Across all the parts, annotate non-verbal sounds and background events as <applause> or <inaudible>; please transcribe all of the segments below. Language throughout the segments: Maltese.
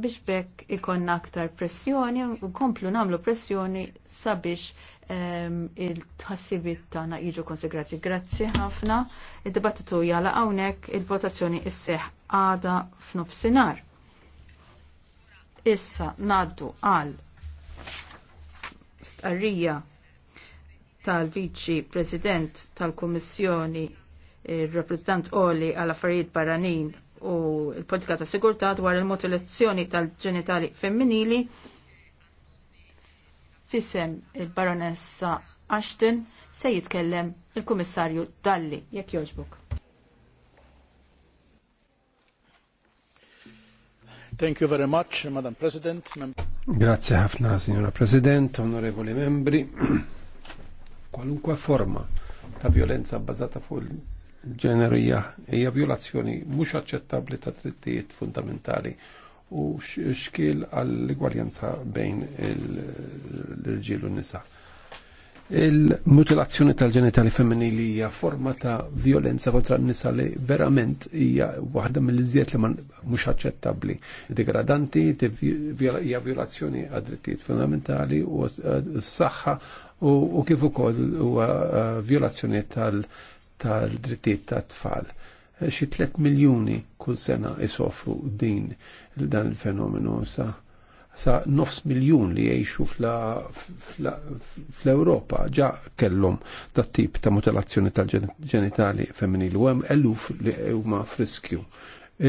biex bekk ikonna aktar pressjoni u komplu namlu pressjoni sabiex ehm, il-tħassibit tagħna jiġu konsegrati. Grazzi ħafna. Id-dibattitu jala hawnhekk il-votazzjoni is-seħ għada f'nofsinhar. Issa naddu għal stqarrija tal-Viċi President tal-Kummissjoni il-Reprezentant Oli għal affarijiet barranin u l-politika ta' sigurtà dwar il-mutilazzjoni tal-ġenitali femminili fisem il-baronessa Ashton se jitkellem il-Kummissarju Dalli jekk jogħġbok. Thank you very much, Madam President. Grazie ħafna, Signora President, onorevoli membri. <clears throat> Kwalunkwe forma ta' violenza bbażata fuq ġenerija hija violazzjoni mhux aċċettabbli ta' drittijiet fundamentali u xkil għall-igwaljanza bejn l-irġiel u n-nisa. Il-mutilazzjoni tal-ġenitali femminili hija forma ta' violenza kontra n-nisa li verament hija waħda mill-iżjed li mhux aċċettabbli. Degradanti, hija violazzjoni għad drittijiet fundamentali u s-saħħa u kif ukoll huwa eh, violazzjoni tal- tal-drittijiet tat-tfal. E, xi 3 miljuni kull sena isofru din dan il-fenomenu sa sa nofs miljun li jiexu fl-Europa ġa kellhom dat tip ta' mutilazzjoni tal-ġenitali femminili u hemm eluf li huma friskju.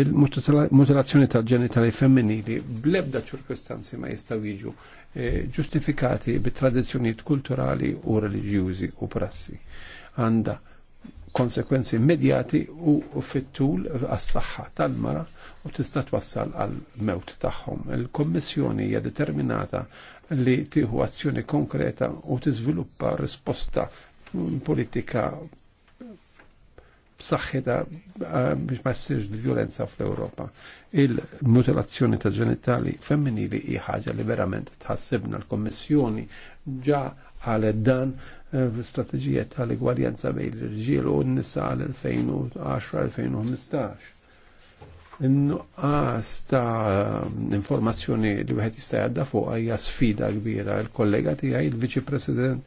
Il-mutilazzjoni tal-ġenitali femminili blebda ċirkostanzi ma jistaw jiġu e, ġustifikati bit tradizzjonijiet kulturali u reliġjużi u prassi. Għanda konsekwenzi immedjati u fit-tul għas-saħħa tal-mara u tista' twassal għal mewt tagħhom. Il-Kommissjoni hija determinata li tieħu azzjoni konkreta u tiżviluppa risposta politika b'saħħitha eh, biex ma ssirx violenza fl-Ewropa. Il-mutilazzjoni ta' ġenitali femminili hi ħaġa li verament tħassibna l-Kommissjoni ġa għalet dan strategijiet tal-igwaljanza bejn l-irġiel u n-nisa għal-2010-2015. Nuqqas ta' informazzjoni li wieħed jista' jgħadda fuq hija sfida kbira. Il-kollega tiegħi il-Viċi President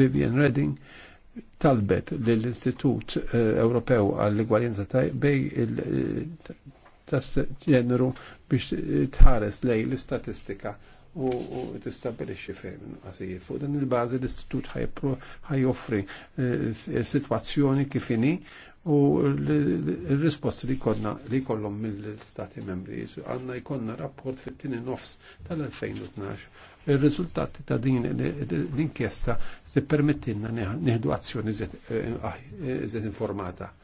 Vivian Redding talbet lill-Istitut eh, Ewropew għall-Igwaljanza bej eh, tas-ġeneru biex tħares lej l-istatistika u t-istabilixi fejn qasijiet. Fuq din il-bażi l-istitut ħajoffri eh, eh, situazzjoni kif inhi u l-risposti li konna li kollom mill-Stati membri. Għandna jkollna rapport fit-tieni nofs tal-2012. il riżultati ta' din l-inkjesta permettinna neħdu azzjoni zet eh, ah, informata.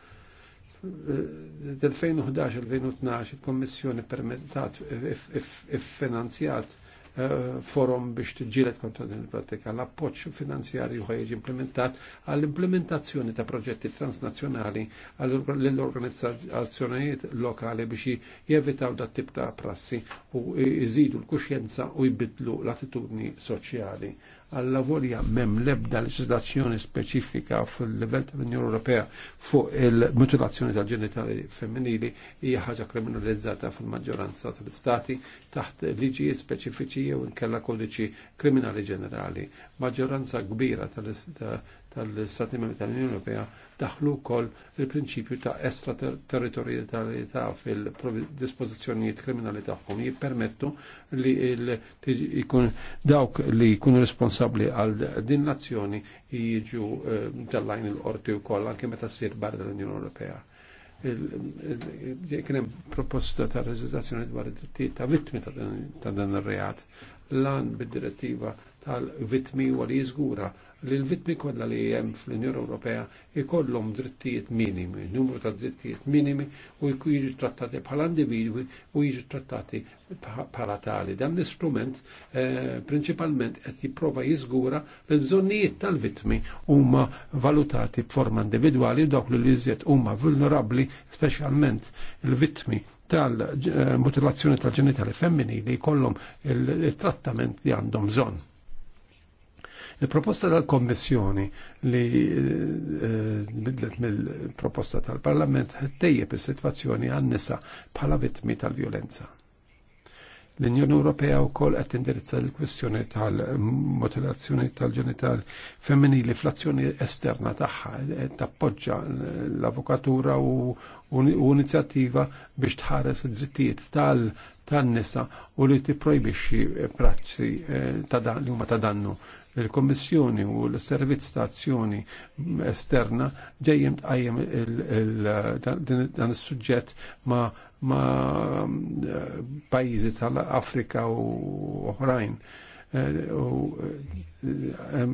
2011-2012 il-Kommissjoni permettat if-finanzjat Eh, forum biex tġilet kontra din il-pratika. L-appoġġ finanzjarju ħajġi implementat għall-implementazzjoni ta' proġetti transnazzjonali għall-organizzazzjonijiet lokali biex jevitaw da tip ta' prassi u jżidu l-kuxjenza u jbidlu l-attitudni soċjali. Għall-lavorja mem lebda leġislazzjoni speċifika fil-level tal-Unjoni Ewropea fuq il-mutilazzjoni tal-ġenitali femminili hija ħaġa kriminalizzata fil-maġġoranza tal-istati taħt liġijiet speċifiċi jew inkella kodiċi kriminali ġenerali. Maġġoranza kbira tal-Stati Membri tal-Unjoni Ewropea daħlu wkoll il-prinċipju ta' estraterritorialità fil-dispożizzjonijiet kriminali tagħhom jippermettu li jkun dawk li jkunu responsabbli għal din nazzjoni jiġu tal-lajn eh, il-qorti wkoll anke meta ssir barra l-Unjoni Ewropea kienem proposta ta' leġislazzjoni dwar id-drittijiet ta' vittmi ta' dan ir-reat lan bid-direttiva tal-vitmi u li jizgura li l-vitmi kollha li hemm fl-Unjoni Ewropea ikollhom drittijiet minimi, numru ta' drittijiet minimi u jiġu trattati bħala individwi u jiġu trattati bħala tali. Dan l-istrument eh, prinċipalment qed jipprova jiżgura li bżonnijiet tal-vitmi huma valutati b'forma individwali u dawk li jżied huma vulnerabbli, speċjalment il-vitmi tal-mutilazzjoni tal-ġenitali femminili jkollhom il-trattament li għandhom bżonn. Il-proposta tal-Kommissjoni li eh, bidlet mill-proposta tal-Parlament ħtejjeb is-sitwazzjoni għan-nisa bħala vittmi tal-vjolenza. L-Unjoni Ewropea wkoll qed tindirizza l-kwistjoni tal-mutilazzjoni tal-ġenital femminili fl-azzjoni esterna tagħha tappoġġa l-avukatura u inizjattiva biex tħares id-drittijiet tal-nisa u li tipprojbixxi prazzi eh, ta' dan li huma ta' dannu il-Kommissjoni u l-Servizz ta' Azzjoni Esterna ġejjem tqajjem dan is-suġġett ma' ma' eh, pajjiżi tal-Afrika u oħrajn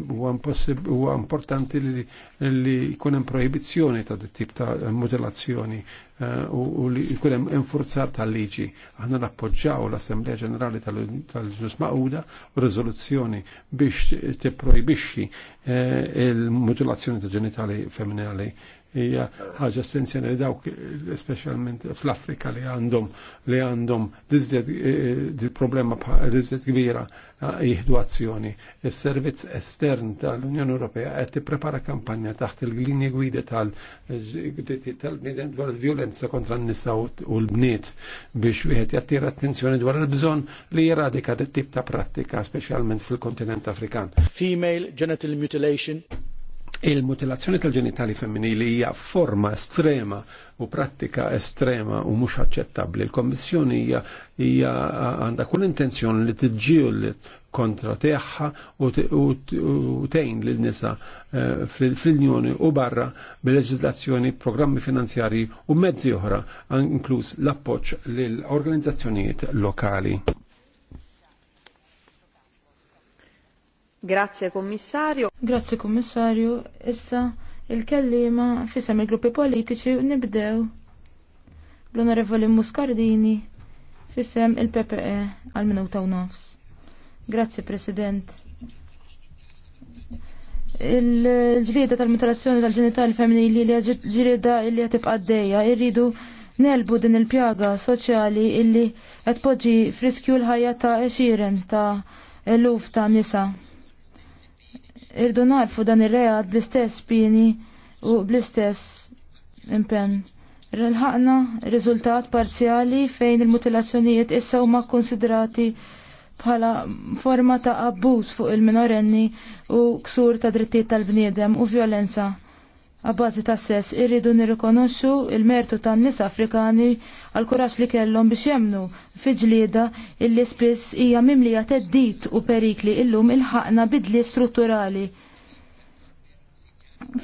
huwa u importanti li li jkun hemm proibizzjoni ta' tip ta' mutilazzjoni u li jkun hemm enforzar tal-liġi. Aħna nappoġġaw l-Assemblea Ġenerali tal-Ġnus Maquda u riżoluzzjoni biex tipprojbixxi il-mutilazzjoni ta' ġenitali femminali hija ħaġa essenzjali dawk specialment fl-Afrika li għandhom li għandhom dil-problema eh, eh, diżjed kbira eh, jihdu azzjoni. Is-servizz estern tal-Unjoni Ewropea qed tipprepara kampanja taħt il-linji gwida tal-bniedem dwar il-vjolenza kontra n-nisa u l-bniet biex wieħed jattira attenzjoni dwar il-bżonn li jeradika dit-tip ta' prattika speċjalment fil-kontinent Afrikan. Female genital mutilation Il-mutilazzjoni tal-ġenitali femminili hija forma estrema u prattika estrema u mhux aċċettabbli. Il-Kommissjoni hija hija għandha kull intenzjoni li tiġġiel kontra teħħa u tejn lil nisa eh, fl-Unjoni u barra bil-leġizlazzjoni, programmi finanzjari u mezzi oħra, inkluż l-appoġġ lill organizzazzjonijiet lokali. Grazie Kommissarju. Grazie Kommissarju. Issa il-kellima fisem il-gruppi politiċi nibdew l onorevoli Muscardini fisem il-PPE għal minuta u nofs. Grazie President. Il-ġlieda tal-mutilazzjoni tal-ġenitali femminili li ġlieda li għatib għaddeja irridu nelbu din il-pjaga soċjali illi għatpoġi friskju l-ħajja ta' eċiren ta' eluf ta' nisa Irdu narfu dan ir-reat bl-istess pieni u bl-istess impenn. Rilħaqna riżultat parzjali fejn il-mutilazzjonijiet issa huma konsidrati bħala forma ta' abbuż fuq il-minorenni u ksur ta' drittijiet tal-bniedem u violenza Għabbażi ta' sess irridu nirrikonoxxu il-mertu tan nis Afrikani għal kuraġġ li kellhom biex jemnu fiġlieda illi spiss hija mimlija teddit u perikli illum il-ħaqna bidli strutturali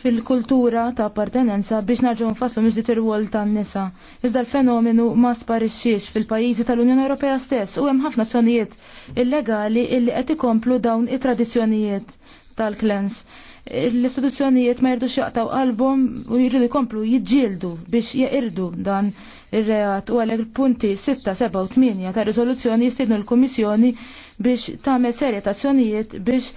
fil-kultura ta' appartenenza biex narġu nfasslu miġdit ir-wol tan-nisa. Iżda l-fenomenu ma sparixxiex fil-pajjiżi tal-Unjoni Ewropea stess u hemm ħafna sonijiet illegali illi qed ikomplu dawn it-tradizzjonijiet tal-klens. L-istituzzjonijiet ma jirdux jaqtaw qalbhom u jridu jkomplu jiġġieldu biex jeqirdu dan ir-reat u għalhekk punti 6, 7 u 8 ta' riżoluzzjoni jistidnu l-Kummissjoni biex tagħmel serje ta' azzjonijiet biex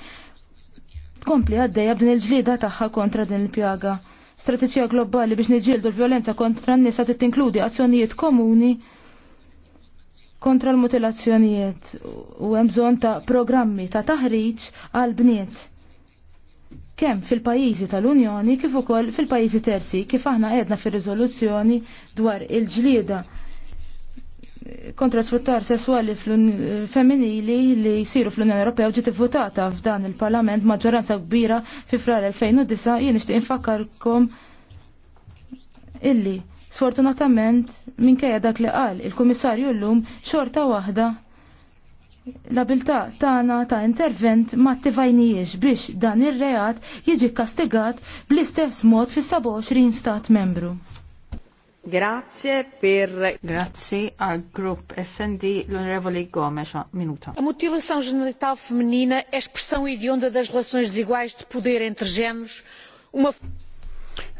tkompli għaddejja b'din il-ġlieda tagħha kontra din il-pjaga. Strateġija globali biex niġġieldu l-vjolenza kontra n-nisa tinkludi azzjonijiet komuni kontra l-mutilazzjonijiet u hemm bżonn ta' programmi ta' taħriġ għal bniet kemm fil-pajjiżi tal-Unjoni kif ukoll fil-pajjiżi terzi kif aħna għedna fir-riżoluzzjoni dwar il-ġlieda kontra sfruttar sessuali femminili li jisiru fl-Unjoni Ewropea ġiet votata f'dan il-Parlament maġġoranza kbira fi frar 2009 jien nixtieq infakkarkom illi sfortunatament minkejja dak li qal il-Kummissarju llum xorta waħda l-abilta tana ta' intervent ma t ttivajnijiex biex dan il reat jiġi kastigat bl-istess mod fis-27 stat membru. Grazie per... Grazie al grupp SND l'onorevole Gomes, minuta. A mutilação genital feminina é expressão idionda das relações desiguais de poder entre géneros, uma...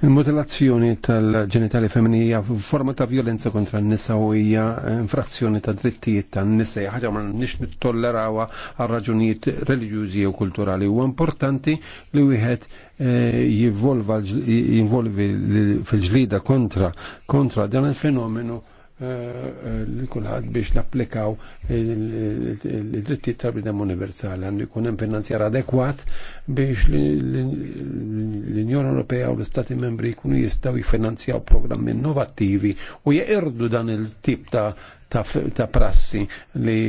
Il-mutilazzjoni tal-ġenitali femminija forma ta' violenza kontra n-nisa u hija infrazzjoni ta' drittijiet ta' n-nisa ħaġa ma nix nittollerawa għal raġunijiet reliġjużi u kulturali. U importanti li wieħed eh, jinvolvi fil-ġlida kontra kontra dan il-fenomenu Eh, eh, l-kulħad biex naplikaw il-dritti tal bidem universali għandu jkun hemm finanzjar adekwat biex l-Unjoni Ewropea u l-Stati membri jkunu jistgħu jfinanzjaw programmi innovattivi u jeqirdu dan il-tip ta' ta' prassi li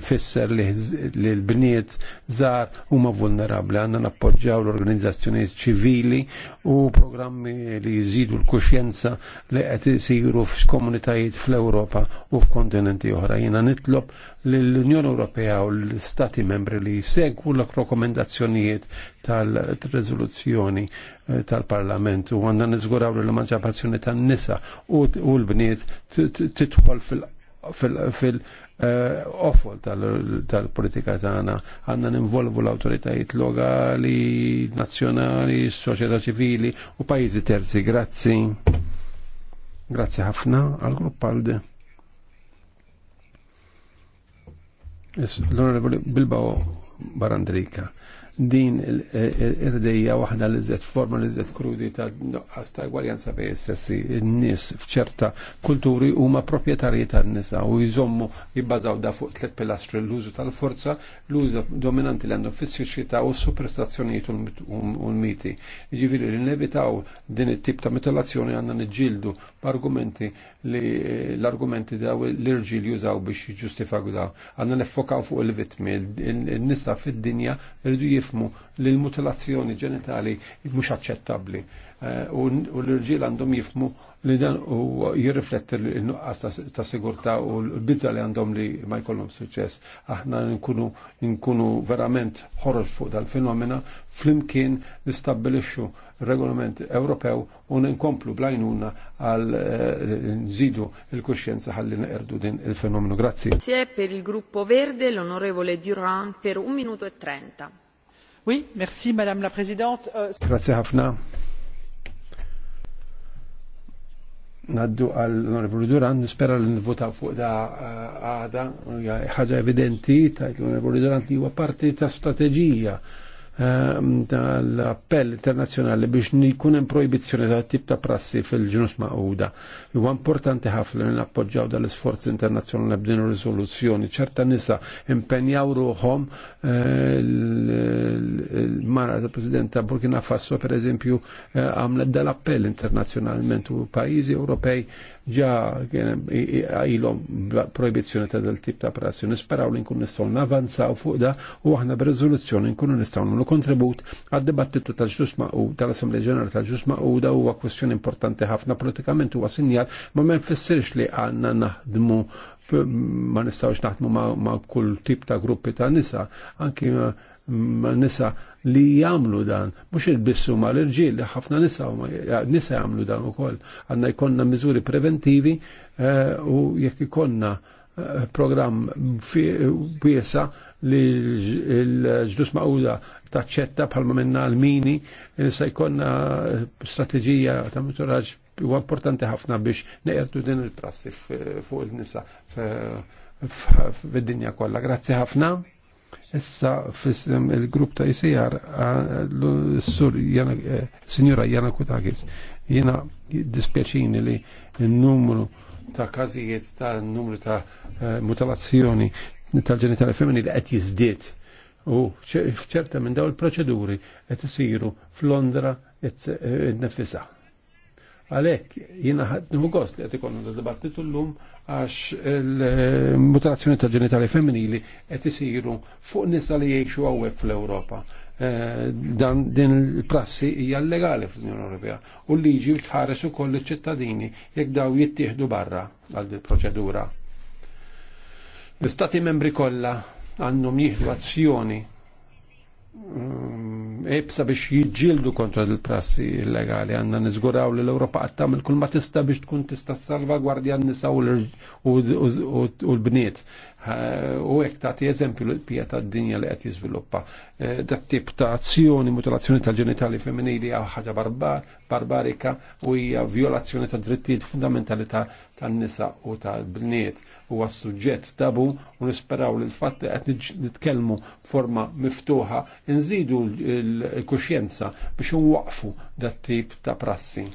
jfisser li l-bniet zar huma vulnerabli għandna nappoġġaw l-organizzazzjoni ċivili u programmi li jżidu l-kuxjenza li qed isiru f'komunitajiet fl-Ewropa u f'kontinenti oħra. Jiena nitlob l-Unjoni Ewropea u l-Stati membri li jsegwu l-rekomendazzjonijiet tal-rezoluzzjoni tal-parlament u għanna nizguraw l-emanċipazzjoni tan-nisa u l-bniet titħol fil- eh, offol tal-politika tagħna għandna ninvolvu l-awtoritajiet lokali, nazzjonali, soċjetà ċivili u pajjiżi terzi. Grazzi. Grazzi ħafna għal grupp Alde. L-Onorevoli Bilbao Barandrika din il-irdija waħda li zed forma li zed krudi ta' nuqqas ta' gwaljanza bej sessi n-nis fċerta kulturi huma ta' tan-nisa u jżommu jibbażaw da fuq tliet pilastri l-użu tal-forza, l-użu dominanti l għandu fis u s-superstazzjonijiet u l-miti. Ġifieri l nevitaw din it-tip ta' mitolazzjoni għandna niġġieldu b'argumenti li l-argumenti daw l-irġil jużaw biex jġustifaw daw. Għanna neffokaw fuq il-vitmi, il-nisa fid-dinja rridu jifmu li l-mutilazzjoni ġenitali mhux aċċettabbli u l-irġiel għandhom jifmu li dan u jirrifletti l-nuqqas ta' sigurta u l-bizza li għandhom li ma jkollhom suċess. Aħna nkunu nkunu verament ħorġ fuq dal-fenomena flimkien nistabbilixxu regolament Ewropew u nkomplu blajnuna għal eh, nżidu il-kuxjenza ħalli neqerdu din il-fenomenu. Grazzi. Grazie per il gruppo Verde l'onorevole Duran per un minuto e trenta. Oui, merci Madame la Présidente. Euh, Grazie ħafna. naddu għal l-Onorevoli Duran, nispera l-nvota fuq da eh, għada, ħaġa evidenti, tajt l-Onorevoli Duran li huwa parti ta' strategija Ehm, tal-appell internazjonali biex nikun hemm proibizzjoni ta' tip ta' prassi fil-ġnus maquda. Huwa importanti ħafna li nappoġġjaw dal-isforz internazzjonali b'din riżoluzzjoni. ċerta nisa impenjaw ruhom eh, l mara ta' president ta' Burkina Faso per eżempju eh, għamlet dal-appell internazzjonalment u pajjiżi Ewropej ġa għajlom proibizzjoni ta' dal-tip ta' prassi. Nisperaw li nkun nistgħu navanzaw fuq da u aħna b'riżoluzzjoni nkunu nistgħu kontribut għad-dibattitu tal-ġus u tal-Assembleja Ġenerali tal ġusma u da huwa kwestjoni importanti ħafna politikament huwa sinjal, ma ma nfissirx li għanna naħdmu ma nistawx naħdmu ma' kull tip ta' gruppi ta' nisa, anki ma' nisa li jamlu dan, mux il-bissu ma l-irġil, li ħafna nisa, nisa jamlu dan u koll, għanna jkonna mizuri preventivi eh, u jekk ikollna program wiesa li l-ġdus maquda taċċetta bħalma minna l-mini se jkonna strategija ta' muturaġ u importanti ħafna biex neqerdu din il-prassi fuq il-nisa fid-dinja kollha. Grazzi ħafna. Issa fissem il-grupp ta' ICR l-sur eh, Signora Jana Kutakis jena dispjaċini li n-numru ta' każijiet ta' numru ta' eh, mutilazzjoni tal-ġenitali femminili li qed jiżdied. U ċerta minn daw il-proċeduri qed isiru f'Londra eh, nefisa. Għalek, jina ħadnu gost li qed ikonu d dibattit l-lum għax il-mutilazzjoni tal-ġenitali femminili qed isiru fuq nisa li jgħixu għawek fl-Europa. Eh, dan din il-prassi hija legali fl-Unjoni Ewropea u l-liġi tħares ukoll iċ-ċittadini jekk daw jittieħdu barra għal din proċedura. L-istati membri kollha għandhom jieħdu azzjoni mm, ebsa biex jiġġieldu kontra il prassi illegali għandna niżguraw li l-Ewropa qatt tagħmel kull ma tista' biex tkun tista' salvagwardja n-nisa u l-bniet Eh, u hekk tagħti eżempju l-pija tad-dinja li qed jiżviluppa. Eh, dat tip ta' azzjoni, mutilazzjoni tal-ġenitali femminili hija ħaġa barbarika u hija violazzjoni ta' drittijiet fundamentali tan-nisa u tal-bniet huwa suġġett tabu u nisperaw li l-fatt qed nitkellmu forma miftuħa nżidu l-kuxjenza biex nwaqfu dat tip ta' prassi.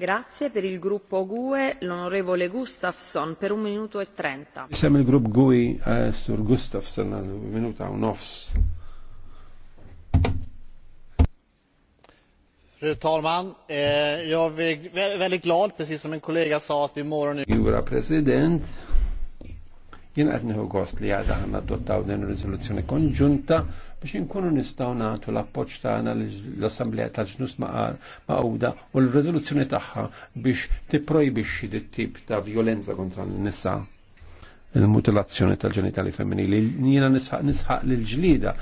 E, l'onorevole Gustafsson per un minuto e trenta. Isem il-grupp GUI e, eh, sur Gustafsson għal minuta u nofs. Fru talman, eh, jag är väldigt glad, precis som en kollega sa, att vi imorgon... Jura president, Jien qed nieħu gost li għadha d adottaw din riżoluzzjoni konġunta biex inkunu nistgħu nagħtu l-appoġġ tagħna l-Assemblea tal-Ġnus Maquda u l-riżoluzzjoni tagħha biex tipprojbixxi dit tip ta' violenza kontra n-nisa il-mutilazzjoni tal-ġenitali femminili. Jiena nisħaq l-ġlida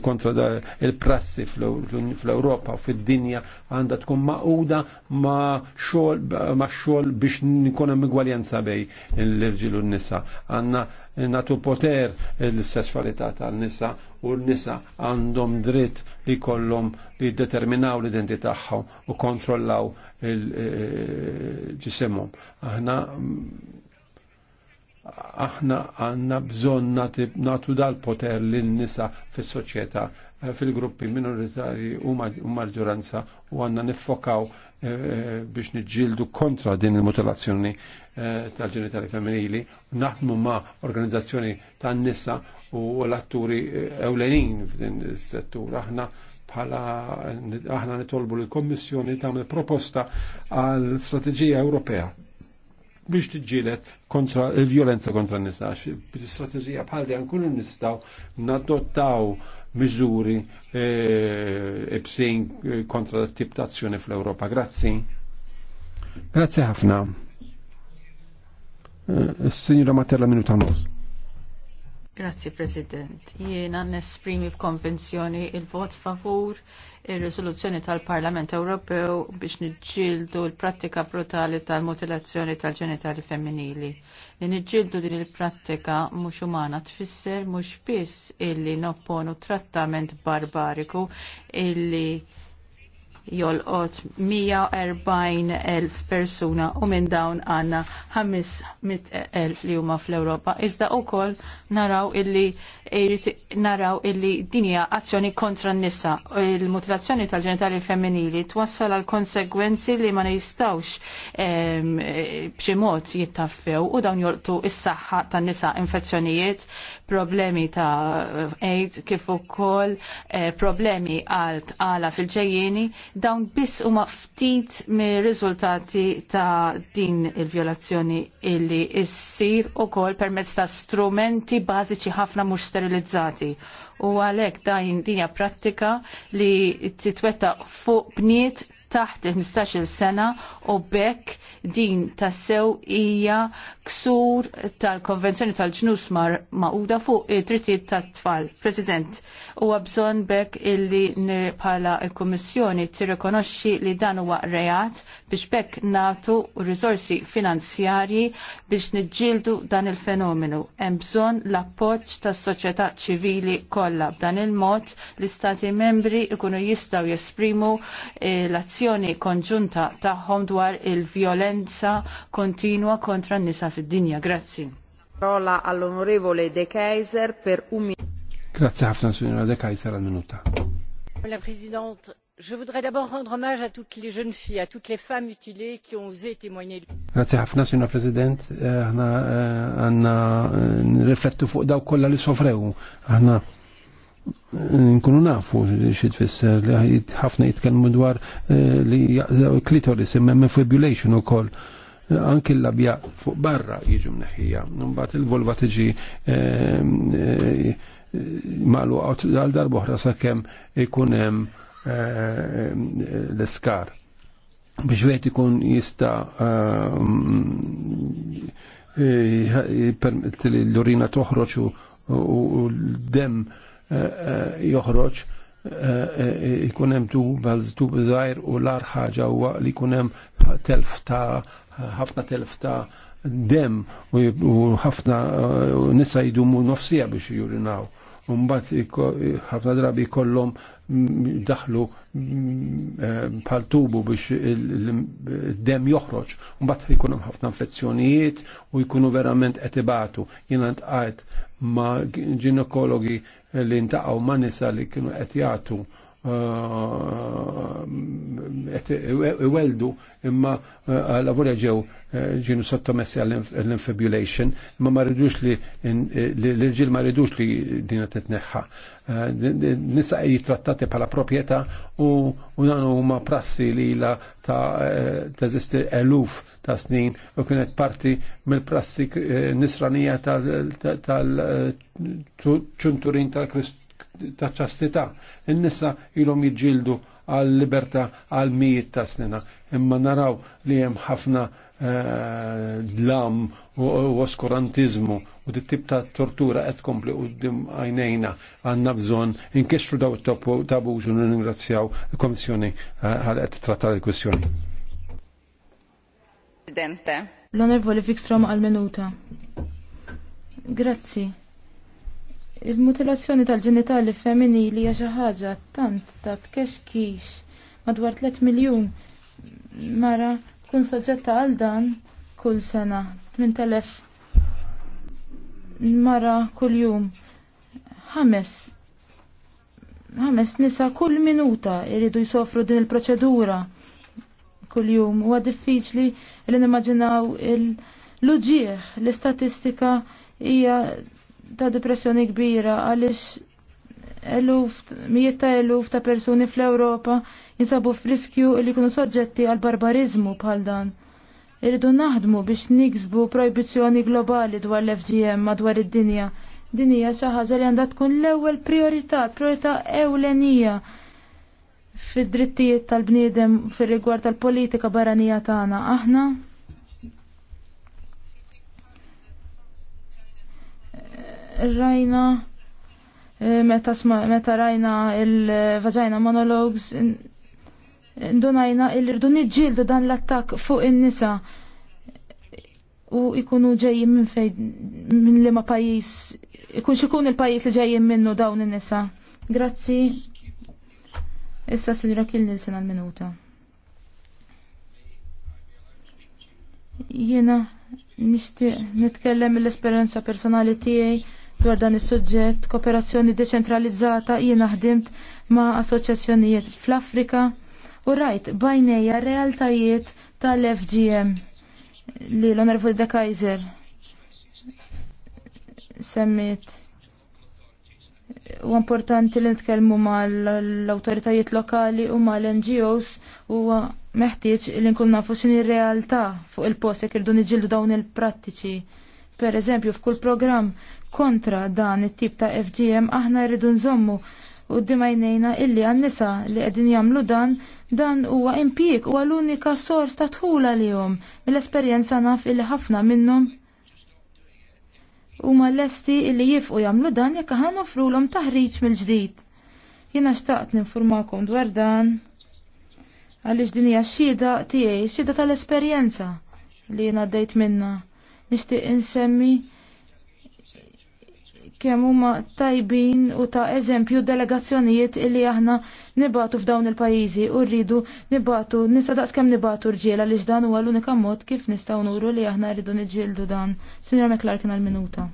kontra il-prassi fl-Europa u fid-dinja għandha tkun maquda ma' xogħol biex nkun hemm igwaljanza bej l-irġiel u n-nisa. Għanna natu poter l-sessualità tal-nisa u l-nisa għandhom dritt li kollom li determinaw l-identità tagħhom u kontrollaw il-ġisimhom. Eh, eh, Aħna aħna għanna bżon natu dal-poter l-nisa fis-soċjetà eh, fil-gruppi minoritarji u maġġoranza u għanna niffokaw eh, biex nġildu kontra din il-mutilazzjoni eh, tal-ġenitali femminili, naħdmu ma' organizzazzjoni tan nisa u l-atturi ewlenin f'din is-settur. Aħna bħala aħna nitolbu l-Kommissjoni tagħmel proposta għal strateġija Ewropea biex tiġġielet kontra il-violenza kontra n-nisa. Strategija bħal di nkunu nistaw nadottaw miżuri ebsin e, e, kontra l-tip ta' fl-Europa. Grazzi. Grazzi ħafna. E, Signora Matella minuta nos. Grazzi President. Jiena nesprimi b'konvenzjoni il-vot favur ir-riżoluzzjoni tal-Parlament Ewropew biex niġġieldu l-prattika brutali tal-mutilazzjoni tal-ġenitali femminili. Li niġġieldu din il-prattika mhux umana tfisser mhux biss illi nopponu trattament barbariku illi jolqot 140.000 persuna u minn dawn għanna 500.000 li huma fl-Ewropa. Iżda wkoll naraw illi naraw illi dinja azzjoni kontra n-nisa. Il-mutilazzjoni tal-ġenitali femminili twassal għal konsegwenzi li ma nistawx ehm, bximot jittaffew u dawn jolqtu is-saħħa tan-nisa infezzjonijiet, problemi ta' AIDS kif ukoll eh, problemi għal tqala fil-ġejjieni dawn biss huma ftit mir riżultati ta' din il-vjolazzjoni illi issir ukoll permezz ta' strumenti bażiċi ħafna mhux sterilizzati u għalhekk din dinja prattika li titwetta fuq bniet taħt il-15 sena u bekk din tassew hija ksur tal-Konvenzjoni tal-ġnus mar ma fuq it-trittijiet tat-tfal. President, huwa bżonn bekk illi bħala l-Kummissjoni tirrikonoxxi li dan huwa reat biex bekk natu risorsi finanzjarji biex niġġieldu dan il-fenomenu. Hemm bżonn l-appoġġ tas-soċjetà ċivili kollha b'dan il-mod l-istati membri ikunu jistgħu jesprimu eh, l-azzjoni konġunta tagħhom dwar il-vjolenza kontinwa kontra n-nisa fid-dinja. Grazzi. Parola all'onorevole De Kaiser per un minuto. Grazie ħafna, signora De Kaiser, għal minuta. Je voudrais d'abord rendre hommage à toutes les jeunes filles, à toutes les femmes mutilées qui ont osé témoigner. Grazie ħafna, Sina President. Eh, aħna eh, għanna eh, nirriflettu fuq daw kollha li sofrew. Aħna nkunu nafu xi tfisser li ħafna jitkellmu dwar li clitoris imma fibulation ukoll anki l abja fuq barra jiġu mneħija. Mbagħad il-volva tiġi malu għal darbohra sakemm ikun hemm Eh, eh, l-iskar biex wieħed ikun jista' eh, mm, l-urina toħroġ u l-dem joħroġ ikun hemm tubaż tub żgħir u l-ar ħaġa huwa li jkun hemm telf ta' ħafna telf ta' dem u ħafna nisa jdumu nofsija biex jurinaw. Umbat ħafna drabi kollom daħlu eh, bħal tubu biex il-dem joħroġ. Umbat jkunum ħafna infezzjonijiet u jkunu verament etibatu. Jena ntqajt ma ginekologi li ntaqaw ma nisa li kienu etjatu iweldu imma għal-għavura ġew ġinu sottomessi għall-infibulation imma ma rridux li l-irġil ma li dina t-tneħħa nisa jitrattati pa'la propieta u nanu ma prassi li la ta' teżisti eluf ta' snin u kienet parti mill-prassi nisranija tal-ċunturin tal-Kristu ta' ċastità. In-nisa ilhom jiġġieldu għal libertà għal mijiet ta' snina. Imma naraw li hemm ħafna eh, dlam u oskurantizmu u dit-tip ta' tortura qed kompli qudiem għajnejna għandna bżonn inkixxu daw tabuġ u ningrazzjaw il-Komissjoni eh, għal qed trattar il-kwistjoni. l onervoli Fikstrom għal-minuta. Grazzi. Il-mutilazzjoni tal-ġenitali femminili hija xi ħaġa tant ta' tkexkix madwar 3 miljun mara kun soġġetta għal dan kull sena 8000 mara kull jum. Ħames ħames nisa kull minuta jridu jsofru din il-proċedura kull jum. Huwa diffiċli li nimmaġinaw il uġieħ l-istatistika hija ta' depressjoni kbira għaliex eluf, mijiet ta' eluf ta' persuni fl-Ewropa jinsabu friskju li jkunu soġġetti għal barbarizmu bħal dan. Irridu naħdmu biex niksbu projbizjoni globali dwar l-FGM madwar id-dinja. Din hija xi ħaġa li għandha tkun l-ewwel priorità, priorità ewlenija fid-drittijiet tal-bniedem fir-rigward tal-politika barranija tagħna. Aħna rajna eh, meta, meta rajna il-vagina monologues ndunajna il-irdu nġildu dan l-attak fuq in-nisa u ikunu ġejjin minn fejn minn liema pajjiż ikun xikun il pajis li ġejjin minnu dawn in-nisa. Grazzi. Issa s-Sinra kil nilsen għal-minuta. Jiena nixtieq nitkellem mill-esperjenza personali tiegħi dwar dan is-suġġett, kooperazzjoni deċentralizzata jiena ħdimt ma' assoċjazzjonijiet fl-Afrika u rajt bajnejja realtajiet tal-FGM li l-Onorevoli De Kaiser semmit u importanti li nitkellmu mal-autoritajiet lokali u mal-NGOs u meħtieġ li nkun nafu xini realtà fuq il-post jekk irdu niġildu dawn il-prattiċi. Per eżempju, f'kull programm kontra dan it-tip ta' FGM aħna rridu nżommu u dimajnejna illi għan-nisa li qegħdin jagħmlu dan dan huwa impik huwa l-unika sors ta' tħula jom Mill-esperjenza naf illi ħafna minnhom huma lesti illi jifqu jagħmlu dan jekk aħna nofrulhom taħriġ mill-ġdid. Jiena xtaqt ninformakom dwar dan għaliex din hija xhieda tiegħi, xhieda tal-esperjenza li jiena għaddejt minnha. Nixtieq insemmi kemm huma tajbin u ta' eżempju delegazzjonijiet illi aħna nibatu f'dawn il-pajjiżi u rridu nibatu nista' daqskemm nibatu rġiela li dan huwa l-unika mod kif nistgħu nuru li aħna rridu niġġieldu dan. Sinjor McClarkin għall minuta.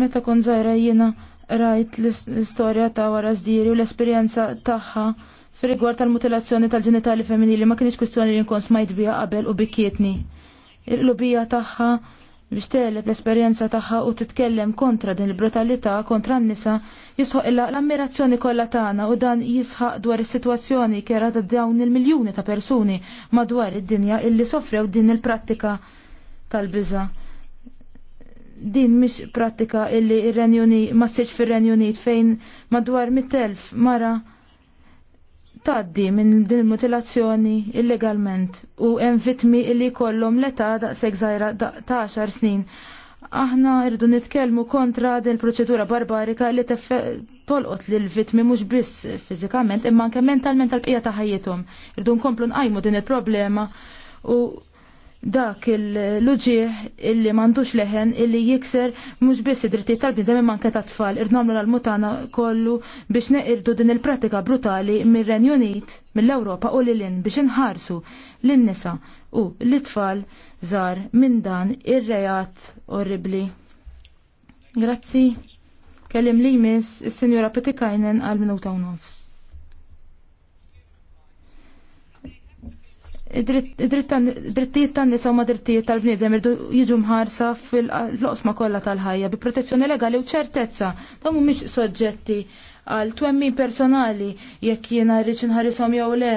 Meta kon zaħra jiena rajt l-istorja ta' wara żdiri u l-esperjenza tagħha Fir-rigward tal-mutilazzjoni tal-ġenitali femminili ma kienx kwistjoni li nkun smajt biha qabel u bikkietni. Il-qlubija tagħha biex teleb l-esperjenza tagħha u titkellem kontra din il-brutalità kontra n-nisa jisħoq illa l-ammirazzjoni kollha tagħna u dan jisħaq dwar is-sitwazzjoni kera ta' dawn il-miljuni ta' persuni madwar id-dinja illi sofrew din il-prattika tal-biża' din mhix prattika illi ir-Renjuni ma ssirx fir-Renjunit fejn madwar mit-telf mara taddi minn din mutilazzjoni illegalment u hemm vitmi li jkollhom l-età daqshekk żgħira ta' 10 snin. Aħna rridu nitkellmu kontra din il-proċedura barbarika li tolqot lil vitmi mhux biss fiżikament imma anke mentalment tal-bqija ta' ħajjithom. Irdu nkomplu nqajmu din il-problema u dak il-luġieħ illi mandux leħen illi jikser mhux biss id-dritti tal-bnidem imma anke ta' tfal irnomlu l-mutana kollu biex neqirdu din il-pratika brutali mir-Renju Unit, mill-Ewropa u lilin biex inħarsu lin-nisa u l-tfal żar minn dan ir-rejat orribli. Grazzi. Kellim li jmiss is senjora Petikajnen għal minuta u nofs. Drittijiet tan-nisa ma drittijiet tal-bniedem irdu jiġu mħarsa fil-loqsma kollha tal-ħajja bi protezzjoni legali u ċertezza dawn mhumiex soġġetti għal twemmin personali jekk jiena rridx inħarisom jew le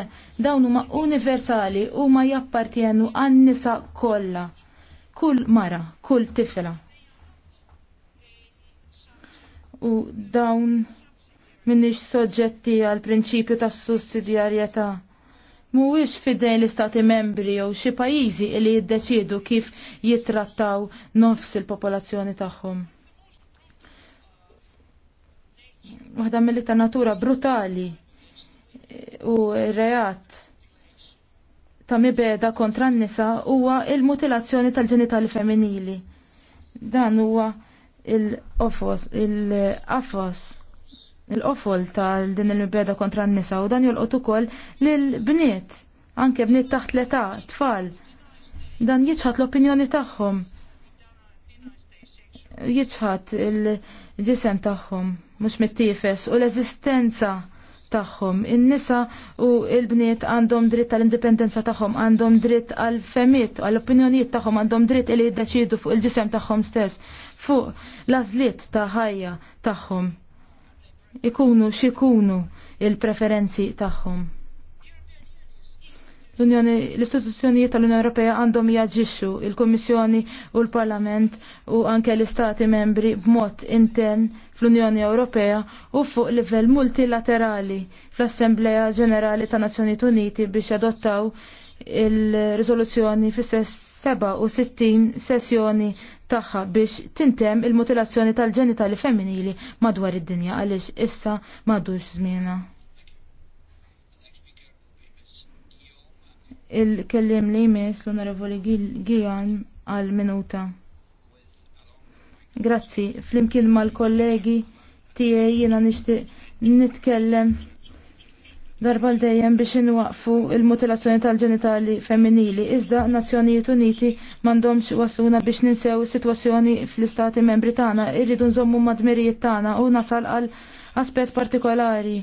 dawn huma universali huma jappartjenu għan-nisa kollha. Kull mara, kull tifla. U dawn minnix soġġetti għal prinċipju tas-sussidjarjetà mhuwiex fidejn l-istati membri jew xi pajjiżi li jiddeċiedu kif jittrattaw nofs il-popolazzjoni tagħhom. Waħda mill ta' natura brutali e, u reat ta' mibeda kontra n-nisa huwa il-mutilazzjoni tal-ġenitali femminili. Dan huwa il ofos il-qafos il-qofol tal din il-mibeda kontra n-nisa u dan jolqot ukoll lil-bniet, anke bniet taħt l-età, tfal. Dan jiċħat l-opinjoni tagħhom. Jiċħat il-ġisem tagħhom, mhux mit-tifes u l-eżistenza tagħhom. In-nisa u l-bniet għandhom dritt tal-indipendenza tagħhom, għandhom dritt għal femiet għall-opinjonijiet tagħhom, għandhom dritt li jiddeċidu fuq il-ġisem tagħhom stess, fuq l-għażliet ta' ħajja tagħhom ikunu xikunu il-preferenzi tagħhom. L-Unjoni, l-istituzzjonijiet tal-Unjoni Ewropea għandhom jaġixxu il-Kummissjoni u l-Parlament u anke l-Istati membri b'mod intern fl-Unjoni Ewropea u fuq livell multilaterali fl-Assembleja Ġenerali ta' Nazzjonijiet Uniti biex jadottaw il-riżoluzzjoni fis-67 sessjoni tagħha biex tintem il-mutilazzjoni tal-ġenitali femminili madwar id-dinja għaliex issa m'għadux żmienha. Il-kellim li jmiss l-Onorevoli Gijan għal minuta. Grazzi, flimkien mal-kollegi tiegħi jiena nixtieq nitkellem darba l-dejjem biex inwaqfu il-mutilazzjoni tal-ġenitali femminili, iżda Nazzjonijiet Uniti m'għandhomx wasluna biex ninsew is-sitwazzjoni fl-istati membri tagħna, irridu nżommu madmirijiet tagħna u nasal għal aspett partikolari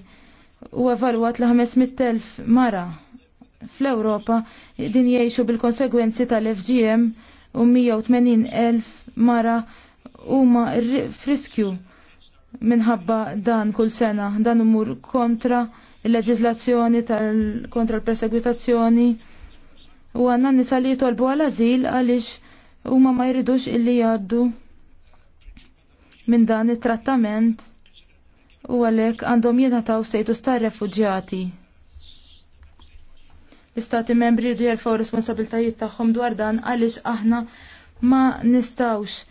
u evalwat l 500.000 mara fl-Ewropa din jgħixu bil-konsegwenzi tal-FGM u 180.000 mara huma friskju minħabba dan kull sena dan umur kontra il-leġizlazzjoni kontra l-persegwitazzjoni u għanna nisa li jitolbu għal-azil għalix huma ma jridux illi jaddu minn dan it-trattament u għalek għandhom taw sejtu sta' refugjati. L-istati membri jridu jelfaw responsabiltajiet tagħhom dwar dan għaliex aħna ma nistawx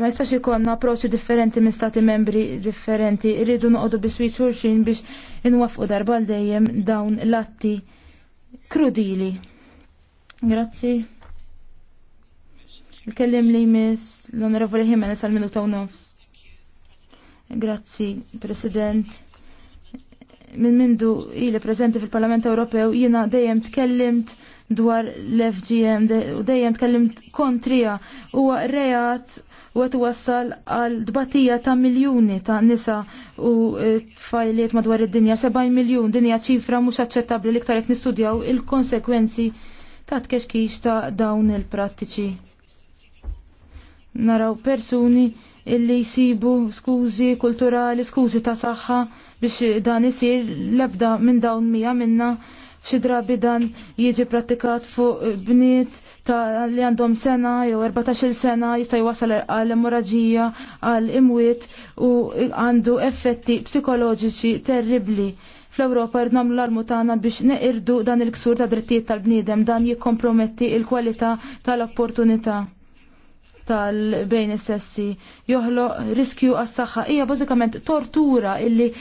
ma jistax ikonna approċċi differenti minn stati membri differenti, irridu noqogħdu biswi xulxin biex inwafqu darba dejjem dawn l-atti krudili. Grazzi. Il-kellim li jmiss l-Onorevoli Jimenez għal minuta u nofs. Grazzi, President minn mindu ili prezenti fil-Parlament Ewropew jina dejjem tkellimt dwar l-FGM u dejjem tkellimt kontrija u reat u għet wassal għal dbatija ta' miljoni ta' nisa u e, tfajliet madwar id-dinja 70 miljon dinja ċifra mux aċċettabli li ktarek nistudjaw il-konsekwenzi ta' tkexkix ta' dawn il-prattiċi. Naraw persuni illi jisibu skużi kulturali, skużi ta' saħħa biex dan isir lebda minn dawn mija minna Xi drabi dan jiġi pratikat fuq bniet ta' li għandhom sena jew 14-il sena jista' wasal għal emorraġija għal imwiet u għandu effetti psikoloġiċi terribli. Fl-Ewropa rnam l-armu tagħna biex neqirdu dan il-ksur ta' drittijiet tal-bniedem dan jikkomprometti il-kwalità tal-opportunità tal-bejn is-sessi joħloq riskju għas-saħħa hija bażikament tortura illi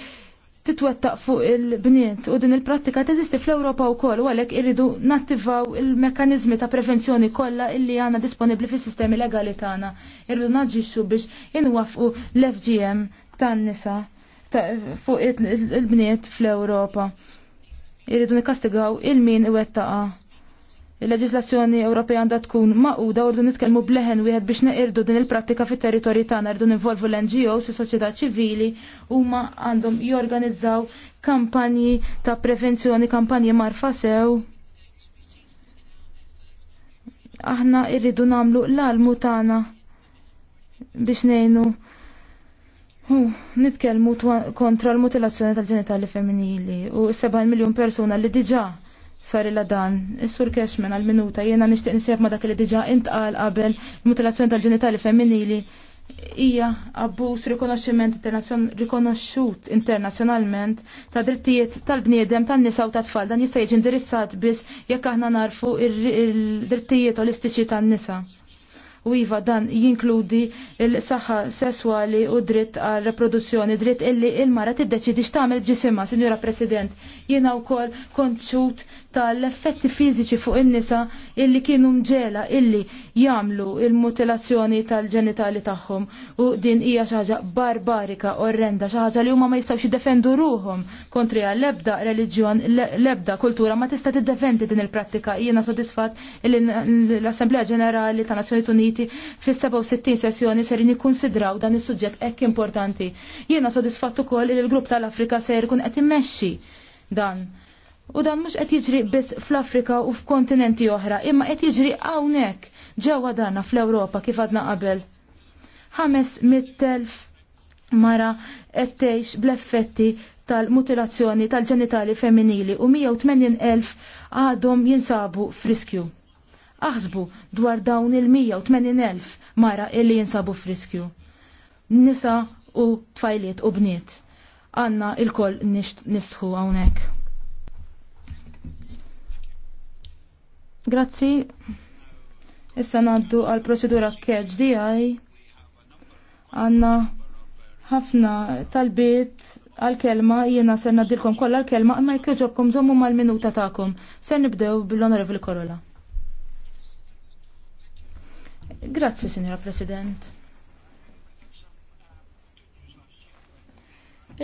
titwettaq fuq il-bniet u din il-prattika teżisti fl-Ewropa wkoll u għalhekk irridu nattivaw il-mekkaniżmi ta' prevenzjoni kollha illi għandna disponibbli fis-sistemi legali tagħna. Irridu naġġixxu biex inwaffqu l-FGM tan-nisa fuq il-bniet fl-Ewropa. Irridu nikastigaw il-min iwettaqa' il-leġislazzjoni Ewropea għandha tkun maquda u nitkellmu bleħen wieħed biex neqirdu din il-prattika fit-territorju tagħna rdu ninvolvu l-NGOs, is-soċjetà ċivili huma għandhom jorganizzaw kampanji ta' prevenzjoni, kampanji marfa sew. Aħna irridu namlu l-almu tagħna biex ngħinu nitkellmu kontra l-mutilazzjoni tal-ġenitali femminili u 7 miljun persuna li diġà sar illa dan. Is-sur Cashman għal-minuta jiena nixtieq nisjeb ma dak li diġà intqal qabel il-mutilazzjoni tal-ġenitali femminili hija abbuż rikonoxximent rikonoxxut internazzjonalment ta' drittijiet tal-bniedem tan-nisa u tat-tfal dan jista' jiġi indirizzat biss jekk aħna narfu ir-drittijiet holistiċi tan-nisa u iva dan jinkludi il-saħħa sesswali u dritt għal reproduzzjoni, dritt illi il-mara tiddeċidi x'tagħmel ġisimha, Sinjura President. Jiena wkoll konċut tal-effetti fiżiċi fuq in-nisa illi kienu mġela illi jagħmlu il-mutilazzjoni tal-ġenitali tagħhom u din hija xi ħaġa barbarika orrenda xi ħaġa li huma ma jistgħux jiddefendu ruhom kontri l-ebda reliġjon l-ebda kultura ma tista' tiddefendi din il-prattika jiena sodisfatt illi l-Assemblea Ġenerali ta' Nazzjonijiet Uniti fis-67 sessjoni serin jikkunsidraw dan is-suġġett hekk importanti. Jiena sodisfatt ukoll il-grupp tal-Afrika ser jkun qed immexxi dan U dan mhux qed jiġri biss fl-Afrika u f'kontinenti oħra, imma qed jiġri hawnhekk ġewwa dana fl-Ewropa kif għadna qabel. Ħames mit-telf mara qed tgħix bl-effetti tal-mutilazzjoni tal-ġenitali femminili u 180,000 għadhom jinsabu friskju. Aħsbu dwar dawn il-180,000 mara illi jinsabu friskju nisa u tfajliet u bniet. Għanna il-koll nisħu għawnek. Grazzi. Issa naddu għal procedura catch di għanna ħafna talbiet għal-kelma jiena ser naddilkom kollha għal kelma imma jkħuġobkom zommu żommu mal-minuta tagħkom. Ser nibdew bil-Onorevoli Korola. Grazzi, Signora President.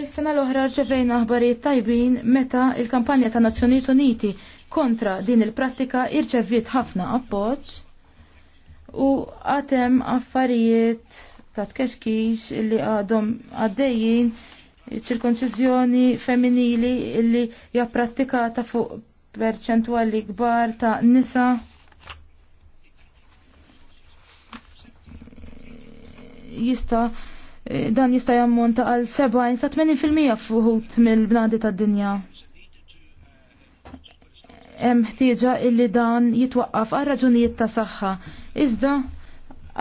Il-sena l-oħra ġevejna aħbarijiet tajbin meta il-kampanja ta' Nazzjonijiet Uniti kontra din il-prattika irċeviet ħafna appoġġ u għatem affarijiet ta' tkexkix illi għadhom għaddejjin ċirkonċizjoni femminili illi japprattikata fuq perċentwali kbar ta' nisa jista eh, dan jista jammonta għal 70 sa 80% fuħut mill-bnadi tad dinja hemm ħtieġa illi dan jitwaqqaf għal raġunijiet ta' saħħa. Iżda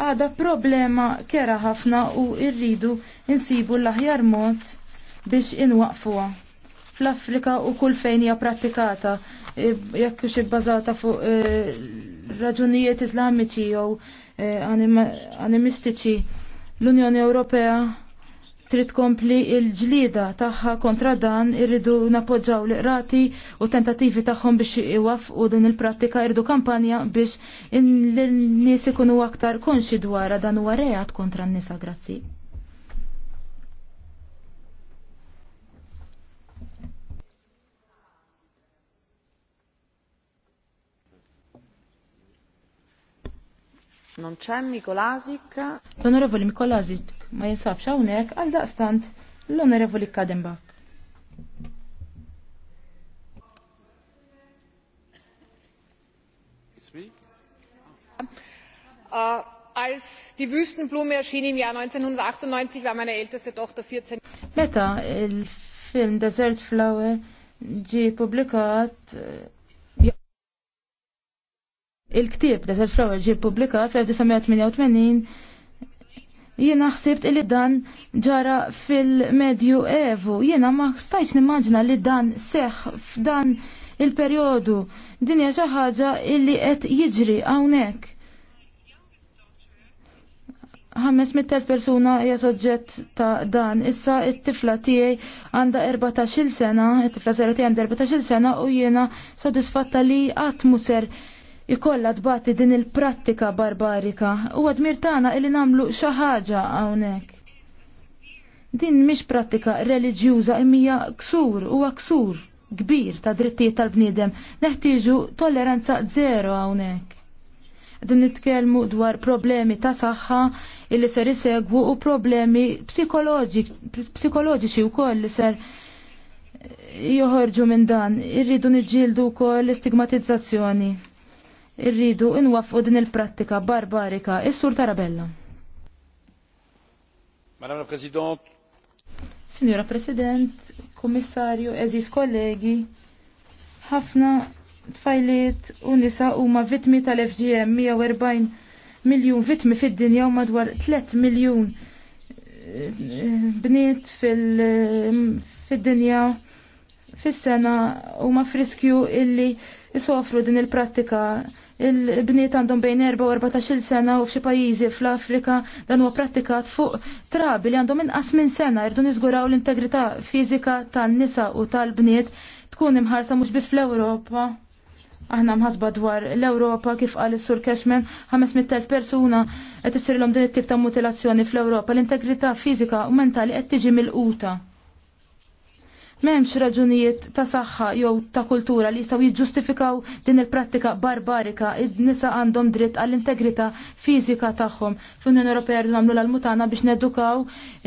għada problema kera ħafna u rridu insibu l-aħjar mod biex inwaqfuha. Fl-Afrika u kull fejn hija pratikata e, jekk xi bbażata fuq e, raġunijiet iżlamiċi jew e, animistiċi l-Unjoni Ewropea trid tkompli l-ġlieda tagħha kontra dan irridu napoġġaw l-qrati u tentattivi tagħhom biex iwaffqu din il-prattika irridu kampanja biex in nies ikunu aktar konxi dwar dan huwa reat kontra n-nisa grazzi. Non c'è Mikolazik. L-Onorevoli Mikolazik ma jinsabx hawnhekk għal daqstant l-Onorevoli Kadenbach. Uh, als die Wüstenblume erschien im Jahr 1998, war meine älteste Tochter 14. Meta il-film Desert Flower ġi publikat il-ktib tal Flower ġie publikat fl-1988 jiena ħsibt li dan ġara fil-medju evu. Jiena ma stajx nimmaġna li dan seħ f'dan il-perjodu. Din hija xi ħaġa illi qed jiġri hawnhekk. mittel persuna hija soġġett ta' dan. Issa it-tifla tiegħi għandha 14-il sena, it-tifla żero tiegħi għandha 14-il sena u jiena sodisfatta li qatt muser ikolla tbatti din il-prattika barbarika u għadmirtana tagħna illi nagħmlu xi ħaġa hawnhekk. Din mhix prattika reliġjuża imija ksur huwa ksur kbir ta' drittijiet tal-bniedem. Neħtieġu tolleranza zero hawnhekk. Din nitkellmu dwar problemi ta' saħħa illi ser isegwu u problemi psikoloġiċi wkoll li ser joħorġu minn dan. Irridu niġġieldu wkoll l-istigmatizzazzjoni irridu inwaffqu din il-prattika barbarika. Is-Sur Tarabella. Madam la Signora President, Kommissarju, eżis kollegi, ħafna tfajliet u nisa huma vittmi tal-FGM 140 miljun vittmi fid-dinja u madwar 3 miljun eh, bniet fil-dinja fil fis-sena huma friskju illi jisofru din il-prattika il-bniet għandhom bejn 4 u 14 sena u f'xi pajjiżi fl-Afrika dan huwa prattikat fuq trabi li għandhom inqas minn sena irdu niżguraw l-integrità fiżika tan-nisa u tal-bniet tkun imħarsa mhux biss fl-Ewropa. Aħna mħasba dwar l-Ewropa kif qal is-Sur Cashman 500,000 persuna qed issirlhom din it-tip ta' mutilazzjoni fl-Ewropa l-integrità fiżika u mentali qed tiġi mill-quta. M'hemmx raġunijiet ta' saħħa jew ta' kultura li jistgħu jiġġustifikaw din il-prattika barbarika. Id-nisa għandhom dritt għall-integrità fiżika tagħhom. Fl-Unjoni Ewropea rridu nagħmlu l-mutana biex nedukaw,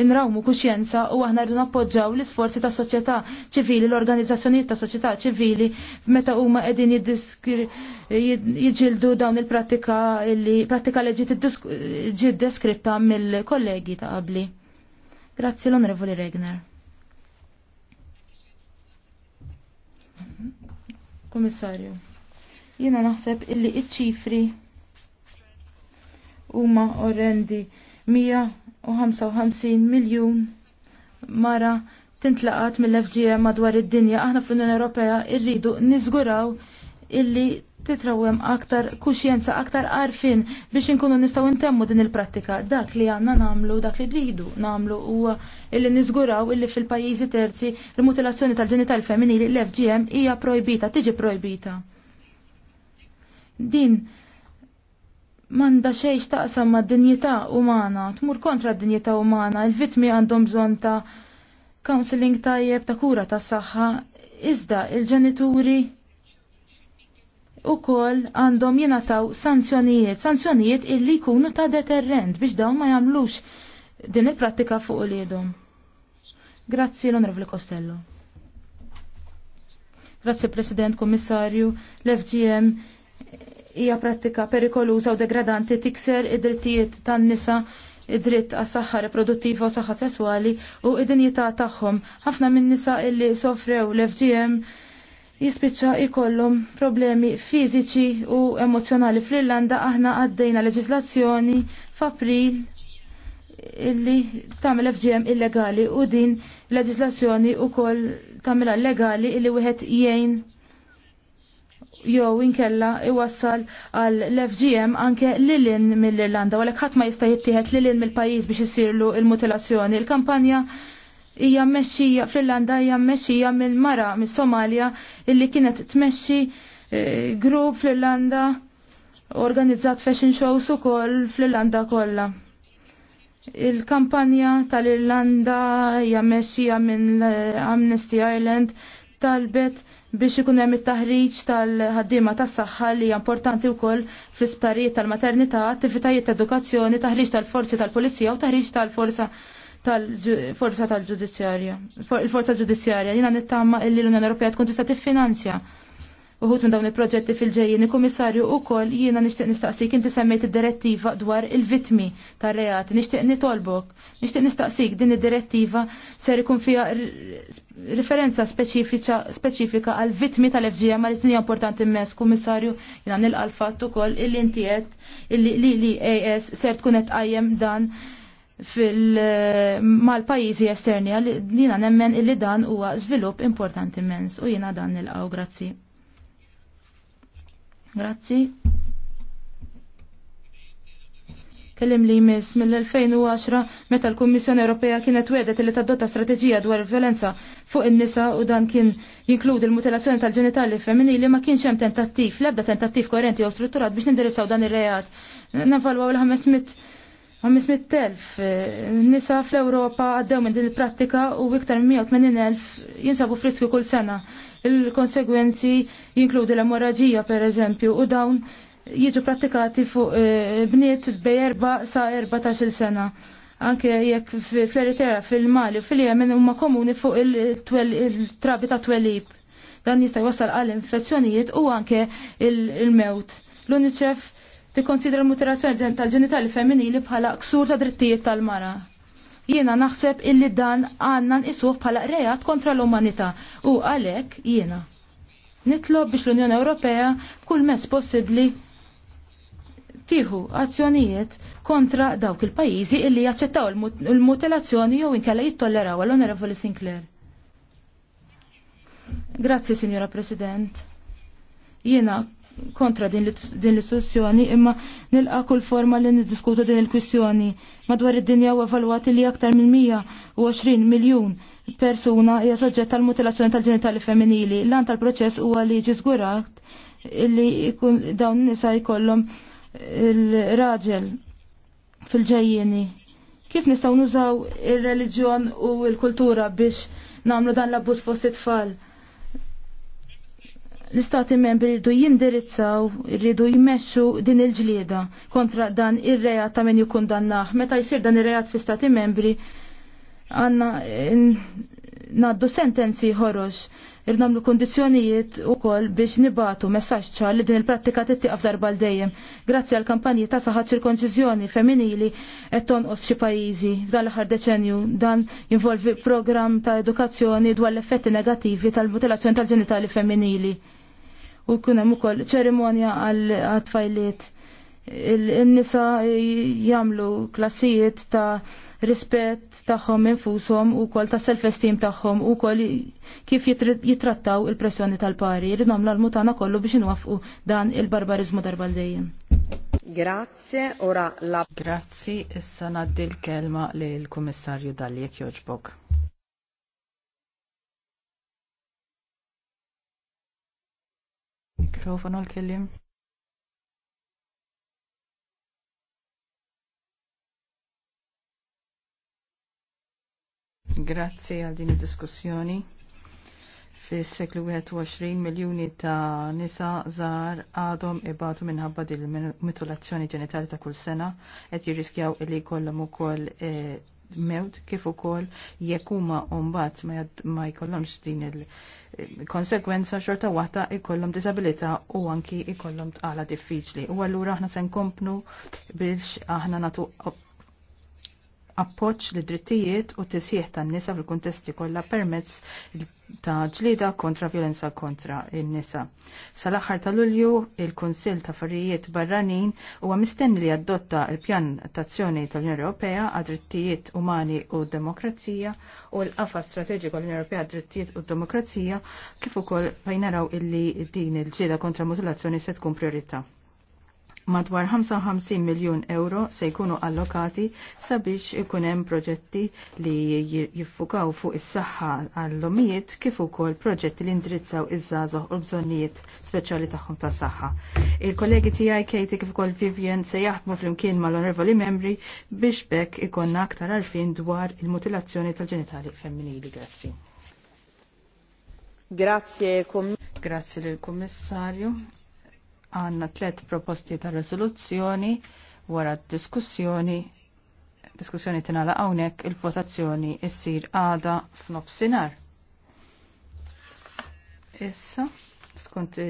inrawmu kuxjenza u aħna rridu nappoġġaw l-isforzi ta' soċjetà ċivili, l-organizzazzjonijiet ta' soċjetà ċivili meta huma qegħdin jiġġieldu dawn il-prattika li prattika li ġiet deskritta mill-kollegi ta' qabli. Grazzi l-Onorevoli Regner. Komissarju, jiena naħseb illi iċ-ċifri huma orrendi 155 miljun mara tintlaqat mill-FGM madwar id-dinja aħna fl-Unjoni Ewropea rridu niżguraw illi titrawem aktar kuxjenza, aktar arfin biex inkunu nistaw intemmu din il-prattika. Dak li għanna namlu, dak li dridu namlu u illi nizguraw illi fil-pajizi terzi l-mutilazzjoni tal-ġenital femminili l-FGM hija projbita, tiġi projbita. Din manda xejx taqsam ma' dinjità umana, tmur kontra d-dinjità umana, il-vitmi għandhom bżon ta' counseling tajjeb ta' kura ta' saħħa, iżda il-ġenituri u kol għandhom jenataw sanzjonijiet, sanzjonijiet illi jkunu ta' deterrent biex dawn ma jamlux din il-prattika fuq li jedhom. Grazzi l-Onorevoli Costello. Grazzi President, Kommissarju, l-FGM hija prattika perikoluża u degradanti tikser id-drittijiet tan-nisa id-dritt għas saħħa reproduttiva u saħħa sesswali u id-dinjità tagħhom. Ħafna minn nisa illi sofrew l-FGM jispiċċa ikollhom problemi fiżiċi u emozjonali fl-Irlanda aħna għaddejna leġislazzjoni f'April illi tagħmel FGM illegali u din leġislazzjoni ukoll tagħmilha legali illi wieħed jgħin jew inkella iwassal għal l-FGM anke lilin mill-Irlanda, għalek ħadd ma jista' jittieħed lilin mill-pajjiż biex isirlu l-mutilazzjoni. Il-kampanja hija mmexxija fl-Irlanda hija mmexxija mill-mara mis-Somalja illi kienet tmexxi e, grupp fl-Irlanda organizzat fashion shows ukoll fl-Irlanda kollha. Il-kampanja tal-Irlanda hija mmexxija minn eh, Amnesty Ireland talbet biex ikun hemm it-taħriġ tal-ħaddiema tas-saħħa li hija importanti wkoll fl-isptarijiet tal-maternità, attivitajiet edukazzjoni, taħriġ tal-forzi tal-pulizija u taħriġ tal-forza tal tal-forza tal-ġudizzjarja. Il-forza ġudizzjarja jina nittama illi l-Unjoni Ewropea tkun tista' tiffinanzja. Uħut minn dawn il-proġetti fil-ġejjin, il-Kummissarju wkoll jiena nixtieq nistaqsik inti semmejt id-direttiva dwar il-vitmi tar-reati, nixtieq nitolbok, nixtieq nistaqsik din id-direttiva ser ikun fiha riferenza speċifika għal vitmi tal-FGM ma li importanti immens, Kummissarju, jiena nilqa' l-fatt ukoll illi intiet illi AS ser tkun qed dan mal-pajizi esterni jina nemmen illi dan huwa żvilupp importanti mens u jina dan nilqaw grazzi. Grazzi. Kellim li jmiss mill-2010 meta l-Kummissjoni Ewropea kienet wedet li tadotta strateġija dwar il violenza fuq in-nisa u dan kien jinkludi l-mutilazzjoni tal-ġenitali femminili ma kienx hemm tentattiv, l-ebda tentattiv koerenti jew strutturat biex nindirizzaw dan ir-reat. Navalwaw l-500 500.000 eh, nisa fl-Europa għaddew minn din il-prattika u iktar minn 180.000 jinsabu friski kull sena. Il-konsegwenzi jinkludi l-emorraġija per eżempju u dawn jiġu prattikati fuq eh, bniet bej 4 sa 14 sena. Anke jekk fl-Eritrea, fil-Mali, fil-Jemen huma komuni fuq il-trabi ta' twelib. Dan jista' jwassal għal infezzjonijiet u anke il-mewt. L-UNICEF tikkonsidra l-mutilazzjoni tal-ġenitali femminili bħala ksur ta' drittijiet tal-mara. Jiena naħseb illi dan għanna isuħ bħala rejat kontra l-umanità u għalhekk jiena. Nitlob biex l-Unjoni Ewropea kull mess possibbli tieħu azzjonijiet kontra dawk il-pajjiżi illi jaċċettaw il-mutilazzjoni jew inkella jittolleraw l onorevoli Sinclair. Grazzi, Signora President. Jiena kontra din l-istituzzjoni imma nilqa kull forma li niddiskutu din il-kwistjoni. Madwar id-dinja u evalwati li aktar minn 120 miljun persuna hija soġġett tal-mutilazzjoni tal-ġenitali femminili. Lan tal-proċess huwa li jiġi żgurat li jkun dawn nisa jkollhom il-raġel fil-ġejjeni. Kif nistgħu nużaw ir reliġjon u l-kultura biex nagħmlu dan l-abbuż fost it-tfal? L-istati membri rridu jindirizzaw, rridu jmexxu din il-ġlieda kontra dan ir-reat ta' min jikkundannaħ. Meta jsir dan ir-reat fi stati membri għanna naddu sentenzi ħorox irnamlu kondizjonijiet u kol biex nibatu messaċ li din il-prattika tittiqaf darba l-dejjem. Grazzi għal kampanji ta' saħat ċirkonċizjoni femminili etton tonqos xi pajjiżi f'dan l-aħħar deċenju dan involvi program ta' edukazzjoni dwar l-effetti negativi tal-mutilazzjoni tal-ġenitali femminili u jkun hemm ukoll ċerimonja għal tfajliet in nisa jagħmlu klassijiet ta' rispett tagħhom infushom u kol ta' self-esteem tagħhom u kol kif jitrattaw il-pressjoni tal-pari. Jrid nagħmlu l-mutana kollu biex inwaffqu dan il-barbarizmu darba dejjem. Grazie, ora la... Grazie, issa naddi l-kelma lill kummissarju Dalje Joġbok. Mikrofon għal-kellim. Grazzi għal din id-diskussjoni. Fis-seklu 21 miljuni ta' nisa żgħar għadhom ibatu minħabba din il-mitulazzjoni ġenitali ta' kull sena qed jirriskjaw li jkollhom ukoll eh, mewt kif ukoll jekk huma mbagħad ma jkollhomx din il-konsekwenza xorta waħda jkollhom disabilità u anki jkollhom tqala diffiċli. U allura aħna se nkompnu biex aħna nagħtu appoġġ li drittijiet u tisħiħ tan-nisa fil-kuntesti kollha permezz ta' ġlida kontra violenza kontra in-nisa. Sal-aħħar ta' Lulju, il-Kunsill ta' Affarijiet Barranin huwa mistenni li adotta l-pjan tazzjoni tal-Unjoni Ewropea għad drittijiet umani u demokrazija u l-qafa strateġiku l-Unjoni Ewropea għad drittijiet u demokrazija kif ukoll fejn naraw illi din il-ġlieda kontra mutilazzjoni se tkun priorità madwar 55 miljon euro se jkunu allokati sabiex ikun hemm proġetti li jiffukaw fuq is-saħħa għall-omijiet kif ukoll proġetti li ndrizzaw iż żagħżugħ u bżonnijiet speċjali tagħhom tas-saħħa. Il-kollegi tiegħi Katie kif ukoll Vivian se jaħdmu flimkien mal-onorevoli membri biex bekk ikonna aktar għarfien dwar il-mutilazzjoni tal-ġenitali femminili. Grazzi. Grazie, Grazie lill-Kummissarju għanna tlet proposti ta' resoluzzjoni wara diskussjoni diskussjoni tinala hawnhekk il-votazzjoni issir għada f'nofsinhar. Issa skont